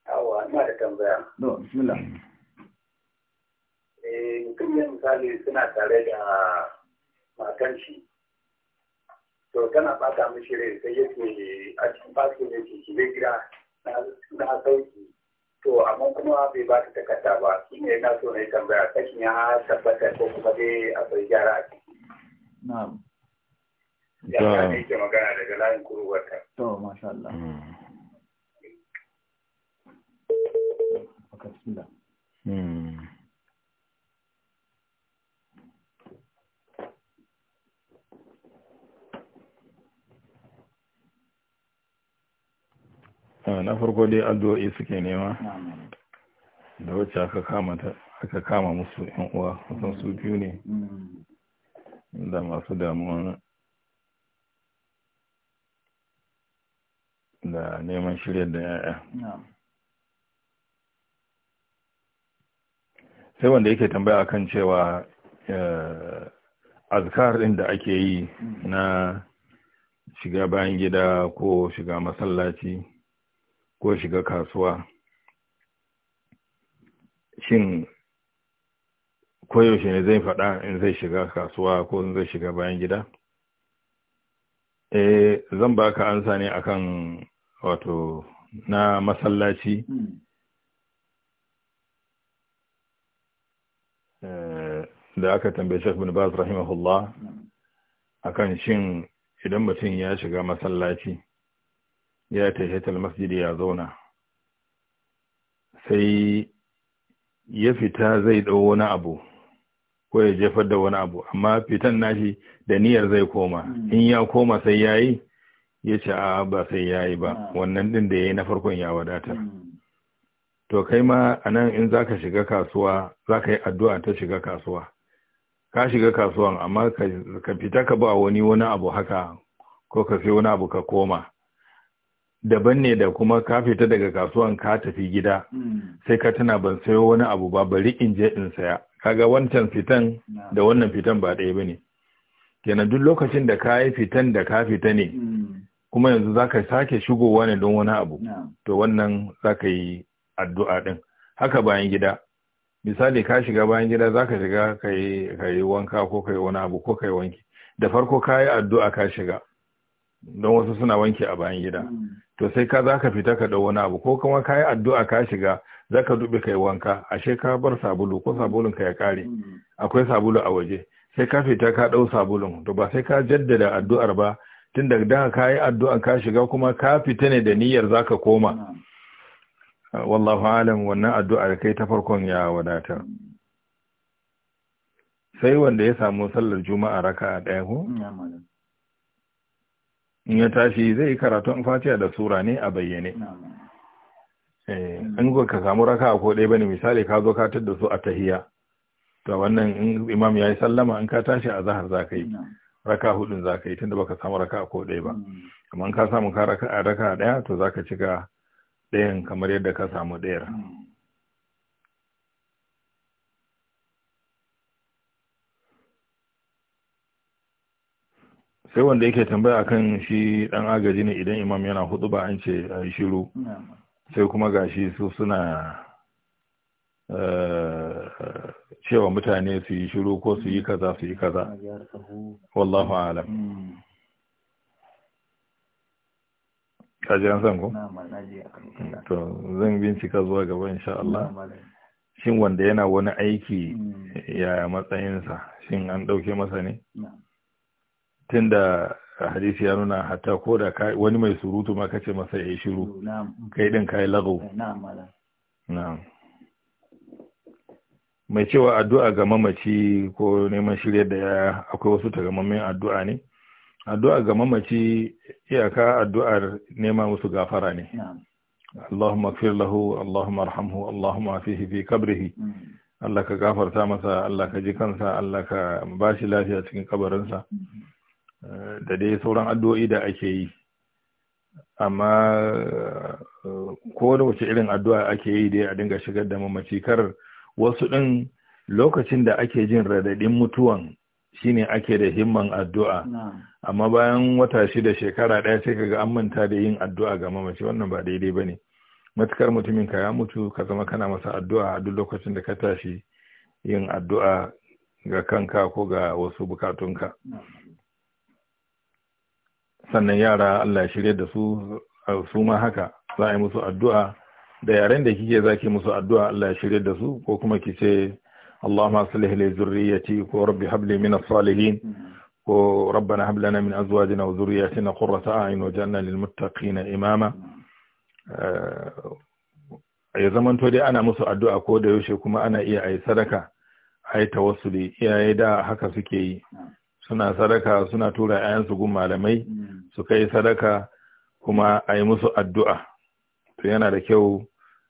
Yawwa, ina da tambaya. No, bismillah. Eh, misali suna tare da matan To tana bata mishi sai yake a cikin bakin yake shi gida na sauki. to amma kuma bai ba ta takarda ba shi ne na so na yi tambaya sakin ya tabbata ko kuma dai akwai gyara a ciki. Na'am. Ya ta ne ke magana daga layin kuruwarta. To masha Allah. Hmm. na farko dai addu'o'i suke nema da wacce aka kama musu yan uwa kusan su biyu ne mm. da masu damuwa da neman shirya da yaya sai wanda yake tambaya kan cewa azkar din da ake yi mm. na shiga bayan gida ko shiga masallaci ko shiga kasuwa shin koyaushe ne zai faɗa in zai shiga kasuwa ko in zai shiga bayan gida? Eh zan baka ansa ne akan wato na masallaci eh, da aka tambaye Sheikh bin Baz rahimahullah akan shin idan mutum ya shiga masallaci ya tahiyatul masjidi ya zauna sai ya fita zai ɗau wani abu ko ya jefar da wani abu amma fitan nashi da niyyar zai koma hmm. in ya koma sai ya yi ya ce a ba sai ya yi ba hmm. wannan ɗin da ya yi na farkon ya wadatar hmm. to kai ma a nan in za ka shiga kasuwa za ka yi addu'a ta shiga kasuwa ka shiga kasuwan amma ka fita ka ba wani wani abu haka ko ka sai wani abu ka koma daban ne da kuma ka fita daga kasuwan ka tafi gida hmm. sai ka tana ban sayo wani abu ba bari in je in saya kaga wancan fitan da wannan fitan ba ɗaya bane kenan duk lokacin da ka yi fitan da ka fita ne hmm. kuma yanzu za ka sake shigowa ne don wani abu to wannan za ka yi addu'a ɗin haka bayan gida misali ka shiga bayan gida za ka shiga ka yi wanka ko ka yi wani abu ko ka yi wanki da farko ka yi addu'a ka shiga don wasu suna wanki a bayan gida hmm. to sai ka za ka fita ka ɗau wani abu ko kuma ka yi addu'a ka shiga za ka dube ka yi wanka ashe ka bar sabulu ko sabulun ka ya ƙare akwai sabulu a waje sai ka fita ka ɗau sabulun to ba sai ka jaddada addu'ar ba tun da da ka yi addu'a ka shiga kuma ka fita ne da niyyar za ka koma wallahu alam wannan addu'ar kai ta farkon ya wadatar sai wanda ya samu sallar juma'a raka a ɗaya ko? in ya tashi zai yi karatun Fatiya da sura ne a bayyane eh, in ka samu raka ko ɗaya bane misali ka zo ka da su a tahiya to wannan in imam ya yi sallama in ka tashi a zahar za ka yi raka hudun za ka yi tunda baka samu raka ko ɗaya ba mm. in ka samu ka raka a raka ɗaya to za ka cika ɗayan kamar yadda ka samu ɗayar mm. sai wanda yake tambaya akan shi dan agaji ne idan imam yana hudu ba an ce shiru sai kuma gashi su suna eh, cewa mutane su yi shiru ko su yi kaza su yi kaza wallahu alam kaji an san ko? to zan bincika zuwa gaba insha Allah shin wanda yana wani aiki mm. ya matsayinsa shin an ɗauke masa ne? tunda hadisi ya nuna hatta ko da wani mai surutu ma kace masa ya shiru kai din kai lagu eh, na'am mai cewa addu'a ga mamaci ko neman shirya da ya akwai wasu tagamammen addu'a ne addu'a ga mamaci iyaka addu'ar nema musu gafara ne Allahumma kfir lahu Allahumma arhamhu Allahumma afihi fi kabrihi mm. Allah ka gafarta masa Allah ka ji kansa Allah ka bashi lafiya cikin kabarinsa mm. Eh, da dai sauran addu'o'i da ake yi amma eh, ko da wace irin addu'a ake yi dai a dinga shigar da mamaci kar wasu ɗin lokacin da ake jin radadin mutuwan shine ake da himman addu'a amma bayan wata shida shekara ɗaya sai kaga an manta da yin addu'a ga mamaci wannan ba daidai ba ne matukar mutumin ka ya mutu ka zama kana masa addu'a a duk lokacin da ka tashi yin addu'a ga kanka ko ga wasu bukatunka. sannan yara Allah ya shirye da su su ma haka za a yi musu addu'a da yaren da kike za zaki musu addu'a Allah ya shirye da su ko kuma ki ce Allahumma aslih li ci ko rabbi habli min as-salihin ko rabbana hab lana min azwajina wa dhurriyyatina qurrata a'yun waj'alna lil muttaqina imama ya zamanto dai ana musu addu'a ko da yaushe kuma ana iya ayi sadaka ai tawassuli iyaye da haka suke yi suna sadaka suna tura 'ya'yansu gun malamai su kai sadaka kuma a yi musu addu'a to yana da kyau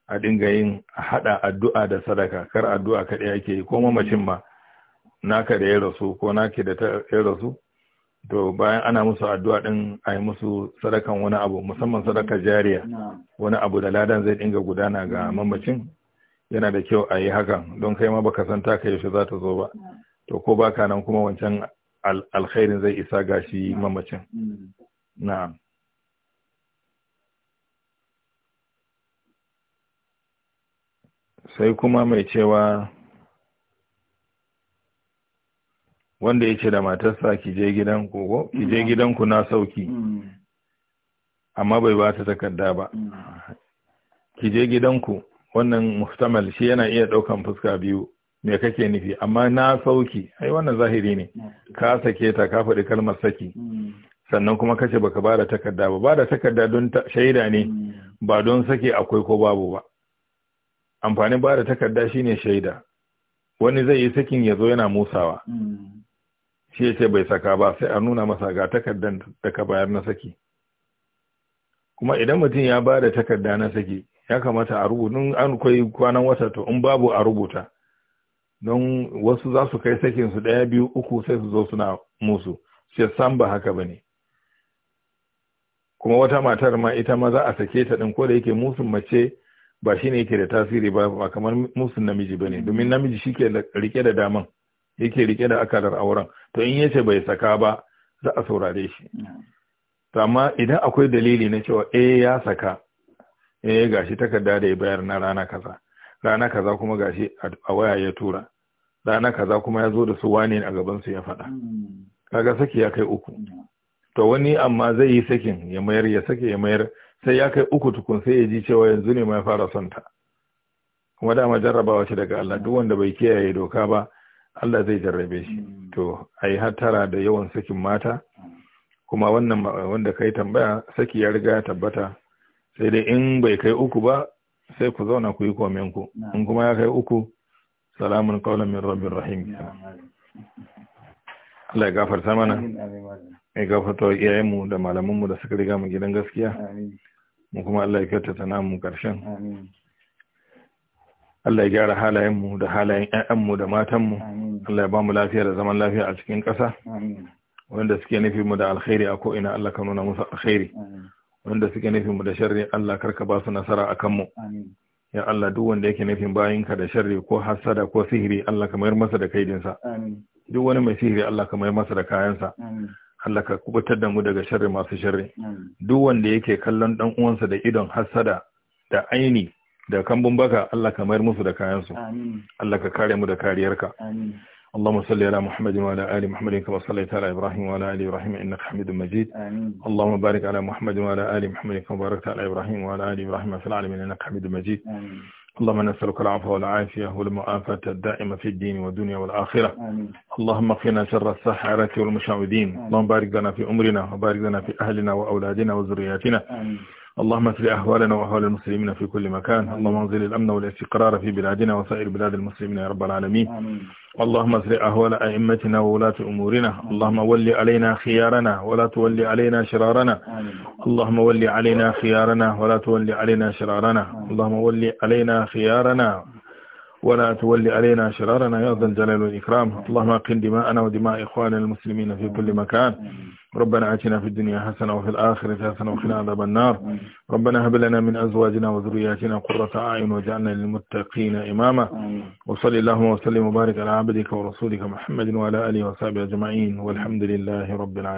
a dinga yin a haɗa addu'a da sadaka kar addu'a kaɗai ake yi ko mamacin ma naka da ya rasu ko naki da ta ya rasu to bayan ana musu addu'a din a yi musu sadakan wani abu musamman sadaka jariya wani abu da ladan zai dinga gudana ga mamacin yana da kyau a yi hakan don kai ma baka san taka yaushe za ta zo ba to ko baka nan kuma wancan alkhairin zai isa ga shi mamacin mm. na sai kuma mai cewa wanda ya ce da matarsa ki je gidanku ko ki je gidanku na sauki mm. amma bai ba ta takarda ba mm. ki je gidanku wannan muhtamal shi yana iya ɗaukan fuska biyu me kake nufi amma na sauki ai wannan zahiri ne ka sake ta ka faɗi kalmar saki sannan kuma kace baka ba da takarda ba ba da takarda don shaida ne ba don sake akwai ko babu ba amfanin ba da takarda shine shaida wani zai yi sakin ya zo yana musawa shi ya ce bai saka ba sai a nuna masa ga takardar da ka bayar na saki kuma idan mutum ya ba da takarda na saki ya kamata a rubutun an kwanan wata to in babu a rubuta don wasu za su kai sakin su ɗaya biyu uku sai su zo suna musu sai san ba haka ba ne kuma wata matar ma ita ma za a sake ta ɗin ko da yake musun mace ba shi ne yake da tasiri ba ba kamar musun namiji ba ne domin namiji shi ke rike da daman yake rike da akalar auren to in yace bai saka ba za a saurare shi to amma idan akwai dalili na cewa eh ya saka eh gashi takarda da ya bayar na rana kaza rana kaza kuma gashi a waya ya tura rana kaza kuma ya zo da su wane a gabansu ya faɗa kaga saki ya kai uku to wani amma zai yi sakin ya mayar ya sake ya mayar sai ya kai uku tukun sai ya ji cewa yanzu ne ma ya fara son ta kuma dama jarrabawa ce daga Allah duk wanda bai kiyaye doka ba Allah zai jarrabe shi to ai hattara da yawan sakin mata kuma wannan wanda kai tambaya saki ya riga ya tabbata sai dai in bai kai uku ba sai ku zauna ku yi komen ku in kuma ya kai uku salamun kaulan min rabin rahim Allah ya gafarta mana ya gafarta wa iyayenmu da malamanmu da suka riga mu gidan gaskiya mu kuma Allah ya kyautata namu karshen Allah ya gyara halayenmu da halayen ƴaƴanmu da matanmu Allah ya ba mu lafiya da zaman lafiya a cikin ƙasa wanda suke nufi da alkhairi a ko'ina Allah ka nuna musu alkhairi wanda suke nufi mu da sharri Allah kar ka basu nasara a kanmu ya Allah duk wanda yake nufin bayinka da sharri ko hasada ko sihiri Allah ka mayar masa da kaidinsa duk wani mai sihiri Allah ka mayar masa da kayansa Allah ka kubutar da mu daga sharri masu sharri duk wanda yake kallon dan uwansa da idon hasada da aini da kambun baka Allah ka mayar musu da kayansu Allah ka kare mu da kariyarka اللهم صل على محمد وعلى آل محمد كما صليت على إبراهيم وعلى آل إبراهيم إنك حميد مجيد آمين. اللهم بارك على محمد وعلى آل محمد كما باركت على إبراهيم وعلى آل إبراهيم في العالمين إنك حميد مجيد آمين. اللهم نسألك العفو والعافية والمعافاة الدائمة في الدين والدنيا والآخرة آمين. اللهم اقنا شر السحرة والمشعوذين اللهم بارك لنا في أمرنا وبارك لنا في أهلنا وأولادنا وذرياتنا آمين. اللهم اكل أهوالنا وأهوال المسلمين في كل مكان اللهم انزل الأمن والاستقرار في بلادنا وسائر بلاد المسلمين يا رب العالمين آمين. اللهم اصلح أهوال أئمتنا وولاة أمورنا اللهم ولي علينا خيارنا ولا تولي علينا شرارنا اللهم ولي علينا خيارنا ولا تولي علينا شرارنا اللهم ولي علينا خيارنا ولا تولي علينا شرارنا يا ذا الجلال والإكرام اللهم أقم دماءنا ودماء إخواننا المسلمين في كل مكان ربنا آتنا في الدنيا حسنة وفي الآخرة حسنة وقنا عذاب النار ربنا هب لنا من أزواجنا وذرياتنا قرة أعين واجعلنا للمتقين إماما وصلي اللهم وسلم وبارك على عبدك ورسولك محمد وعلى آله وصحبه أجمعين والحمد لله رب العالمين